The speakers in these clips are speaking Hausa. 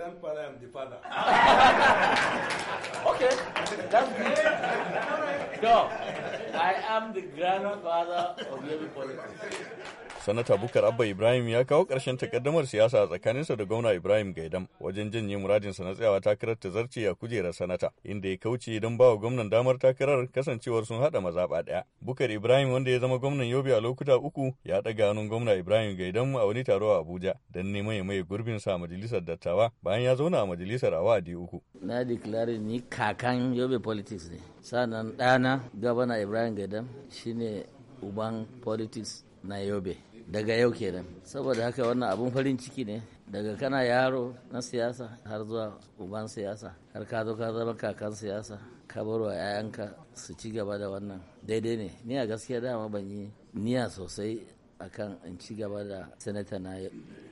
grandfather, I'm the father. okay, that's good. No, I am the grandfather of every politician. sanata bukar abba ibrahim ya kawo ƙarshen takaddamar siyasa tsakaninsa da gwamna ibrahim gaidam wajen janye muradinsa na tsayawa takarar ta zarce a kujerar sanata inda ya kauce don bawa gwamnan damar takarar kasancewar sun haɗa mazaɓa ɗaya bukar ibrahim wanda ya zama gwamnan yobe a lokuta uku ya ɗaga hannun gwamna ibrahim gaidam a wani taro a abuja don neman ya maye gurbin sa a majalisar dattawa bayan ya zauna a majalisar a wa'adi uku. na declare ni kakan yobe politics ne sannan ɗana gabana ibrahim gaidam shine uban politics na yobe daga yau kenan saboda haka wannan abun farin ciki ne daga kana yaro na siyasa har zuwa uban siyasa har ka zo ka zama kakan siyasa ka bar wa 'ya'yanka su ci gaba da wannan daidai ne ni a gaskiya dama ban yi niyya sosai akan in ci gaba da sanata na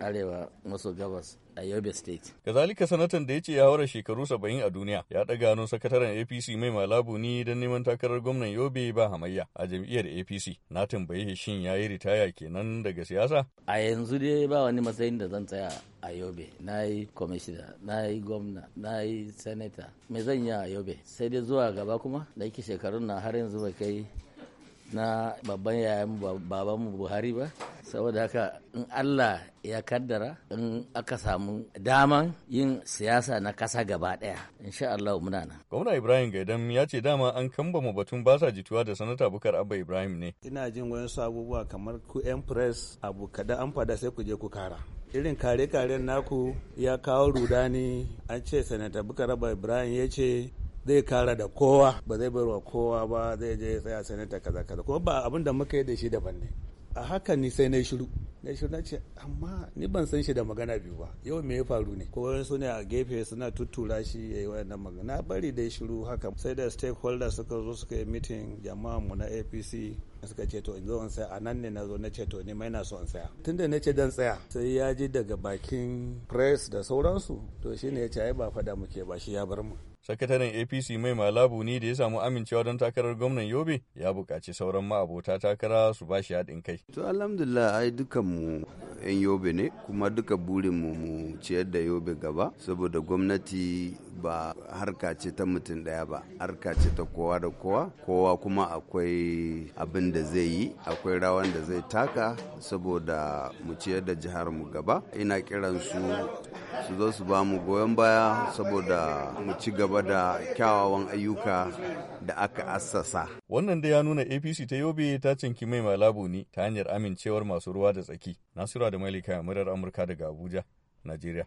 arewa maso gabas a Yobe State. Kazalika sanatan da ya ce ya haura shekaru saba'in a duniya ya ɗaga hannun sakataren APC mai malabu ni don neman takarar gwamnan Yobe ba hamayya a jam'iyyar APC. Na tambaye shin ya yi ritaya kenan daga siyasa? A yanzu dai ba wani matsayin da zan tsaya a Yobe. Na yi komishina na yi gwamna, na yi sanata. Me zan yi a Yobe? Sai dai zuwa gaba kuma da yake shekarun na har yanzu bai kai na babban yayan babanmu buhari ba saboda haka in allah ya kaddara in aka samu daman yin siyasa na kasa gaba daya insha allah muna nan gwamna ibrahim Gaidan ya ce dama an kamba batun ba sa jituwa da sanata bukar abba ibrahim ne ina jin wani abubuwa kamar ku empress abu kada an fada sai ku je ku kara irin kare-karen naku ya kawo rudani an ce sanata bukar abba ibrahim ya ce zai kara da kowa ba zai wa kowa ba zai je tsaya sanata kaza kaza kuma ba abin da muka yi da shi daban ne a haka ni sai na shiru na shiru na ce amma ni ban san shi da magana biyu ba yau me ya faru ne ko wani sune a gefe suna tuttura shi ya yi wannan magana bari dai shiru haka sai da stakeholders suka zo suka yi meeting jama'a mu na APC suka ce to zo in saya a nan ne na zo na ce to ni mai na so in saya tunda na ce dan tsaya sai ya ji daga bakin press da sauransu to shine ya ce ai ba fada muke ba shi ya bar mu sakataren apc mai malabu ne da ya samu amincewa don takarar gwamnan yobe ya bukaci sauran ma'abota takara su ba shi haɗin kai to alhamdulillah ai dukanmu yan yobe ne kuma duka burinmu mu ciyar da yobe gaba saboda gwamnati ba harka ce ta mutum ɗaya ba harka ce ta kowa da kowa kowa kuma akwai abin da zai yi akwai rawan da zai taka saboda mu ciyar da jihar mu gaba ina kiran su su zo su ba mu goyon baya saboda mu ci gaba da kyawawan ayyuka da aka assasa wannan da ya nuna apc ta yobe ta cinki mai malabu ne ta hanyar amincewar masu ruwa da tsaki nasura da malika murar amurka daga abuja najeriya